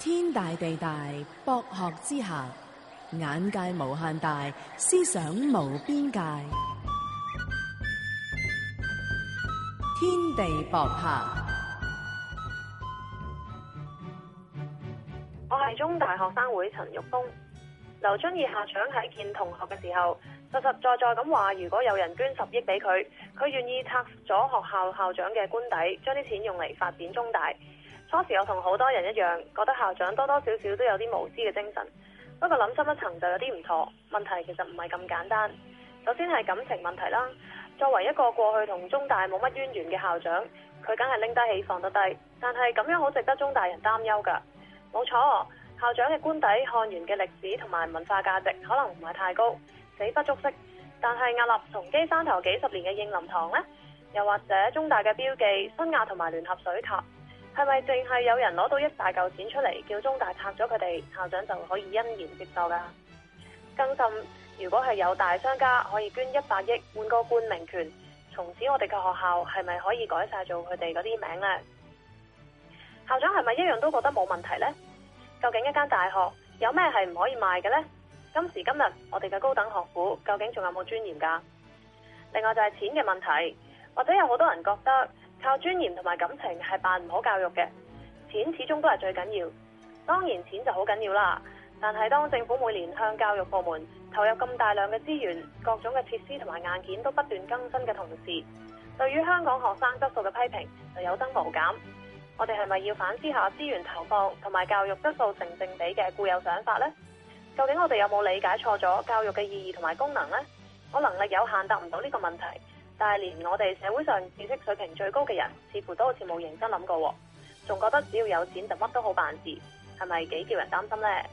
天大地大，博學之下，眼界無限大，思想無邊界。天地博客。我係中大學生會陳玉峰，劉遵義校長喺見同學嘅時候，實實在在咁話：如果有人捐十億俾佢，佢願意拆咗學校校校長嘅官邸，將啲錢用嚟發展中大。當時我同好多人一樣，覺得校長多多少少都有啲無私嘅精神。不過諗深一層就有啲唔妥，問題其實唔係咁簡單。首先係感情問題啦。作為一個過去同中大冇乜淵源嘅校長，佢梗係拎得起放得低，但係咁樣好值得中大人擔憂㗎。冇錯，校長嘅官邸漢源嘅歷史同埋文化價值可能唔係太高，死不足惜。但係屹立崇基山頭幾十年嘅應林堂呢，又或者中大嘅標記新亞同埋聯合水塔。係咪淨係有人攞到一大嚿錢出嚟，叫中大拆咗佢哋校長就可以欣然接受噶？更甚，如果係有大商家可以捐一百億換個冠名權，從此我哋嘅學校係咪可以改晒做佢哋嗰啲名呢？校長係咪一樣都覺得冇問題呢？究竟一間大學有咩係唔可以賣嘅呢？今時今日我哋嘅高等學府究竟仲有冇尊嚴噶？另外就係錢嘅問題，或者有好多人覺得。靠尊嚴同埋感情係辦唔好教育嘅，錢始終都係最緊要。當然錢就好緊要啦，但係當政府每年向教育部門投入咁大量嘅資源，各種嘅設施同埋硬件都不斷更新嘅同時，對於香港學生質素嘅批評就有增無減。我哋係咪要反思下資源投放同埋教育質素成正比嘅固有想法呢？究竟我哋有冇理解錯咗教育嘅意義同埋功能呢？我能力有限，答唔到呢個問題。但係連我哋社會上知識水平最高嘅人，似乎都好似冇認真諗過，仲覺得只要有錢就乜都好辦事，係咪幾叫人擔心咧？